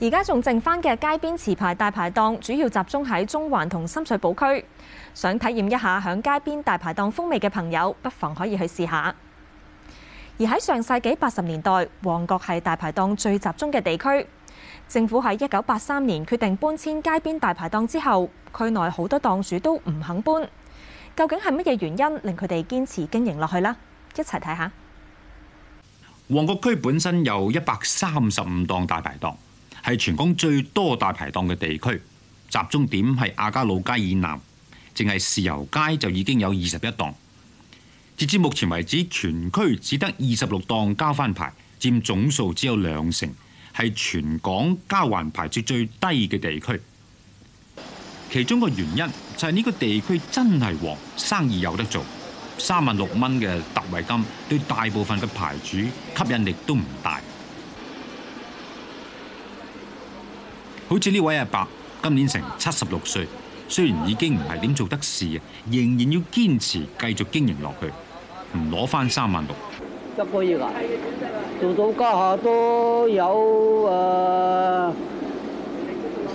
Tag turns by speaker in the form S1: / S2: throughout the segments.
S1: 而家仲剩翻嘅街邊持牌大排檔，主要集中喺中環同深水埗區。想體驗一下響街邊大排檔風味嘅朋友，不妨可以去試下。而喺上世紀八十年代，旺角係大排檔最集中嘅地區。政府喺一九八三年決定搬遷街邊大排檔之後，區內好多檔主都唔肯搬。究竟係乜嘢原因令佢哋堅持經營落去呢？一齊睇下。
S2: 旺角區本身有一百三十五檔大排檔。係全港最多大排檔嘅地區，集中點係亞皆老街以南，淨係豉油街就已經有二十一檔。截至目前為止，全區只得二十六檔交翻牌，佔總數只有兩成，係全港交還牌數最低嘅地區。其中一個原因就係呢個地區真係旺，生意有得做，三萬六蚊嘅特惠金對大部分嘅牌主吸引力都唔大。好似呢位阿伯，今年成七十六歲，雖然已經唔係點做得事，仍然要堅持繼續經營落去，唔攞翻三萬六
S1: 一個月啊！做到家下都有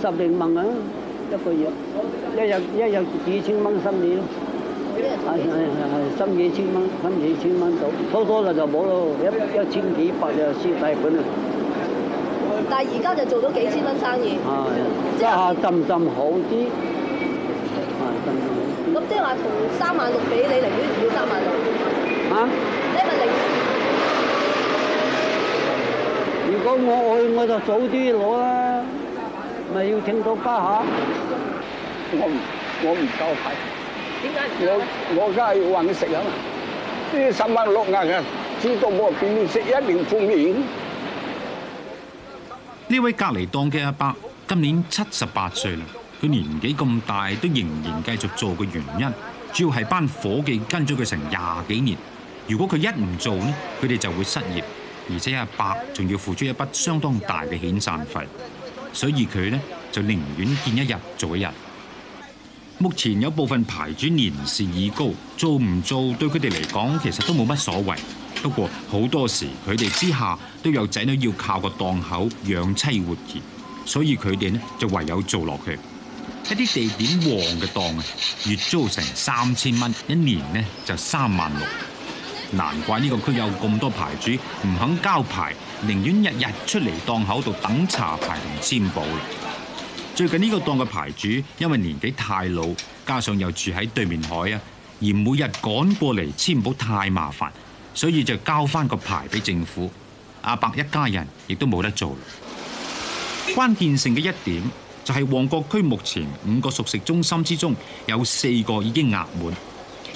S1: 誒十零萬蚊一個月，一日一日幾千蚊生意咯，係係係，生意幾千蚊，分幾千蚊到，多多就就冇咯，一一千幾百就先大半啦。
S2: 但係而家就做到幾
S1: 千蚊生意，一下浸浸好啲。咁即係話同三萬六畀，你寧
S2: 願要三萬六啊？如果我去，我就早啲攞啦，咪要聽到家下。我唔，我唔夠睇。
S1: 點解？我
S2: 我而家要話你食啊嘛，呢三萬六啊，嘅知道冇邊啲食一年敷衍。呢位隔籬檔嘅阿伯今年七十八歲啦，佢年紀咁大都仍然繼續做嘅原因，主要係班夥計跟咗佢成廿幾年，如果佢一唔做呢，佢哋就會失業，而且阿伯仲要付出一筆相當大嘅遣散費，所以佢呢就寧願見一日做一日。目前有部分牌主年事已高，做唔做對佢哋嚟講其實都冇乜所謂。不過好多時，佢哋之下都有仔女要靠個檔口養妻活兒，所以佢哋呢就唯有做落去。一啲地點旺嘅檔啊，月租成三千蚊，一年呢就三萬六。難怪呢個區有咁多牌主唔肯交牌，寧願日日出嚟檔口度等查牌同簽簿啦。最近呢個檔嘅牌主因為年紀太老，加上又住喺對面海啊，而每日趕過嚟簽簿太麻煩所以就交翻個牌俾政府，阿伯一家人亦都冇得做。關鍵性嘅一點就係旺角區目前五個熟食中心之中有四個已經壓滿，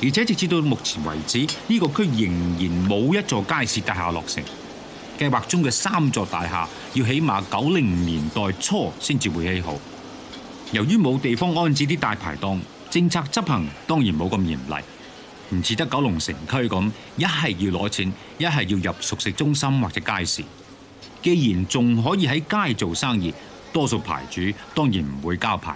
S2: 而且直至到目前為止，呢個區仍然冇一座街市大廈落成。計劃中嘅三座大廈要起碼九零年代初先至會起好。由於冇地方安置啲大排檔，政策執行當然冇咁嚴厲。唔似得九龍城區咁，一係要攞錢，一係要入熟食中心或者街市。既然仲可以喺街做生意，多數牌主當然唔會交牌。